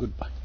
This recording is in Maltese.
Goodbye.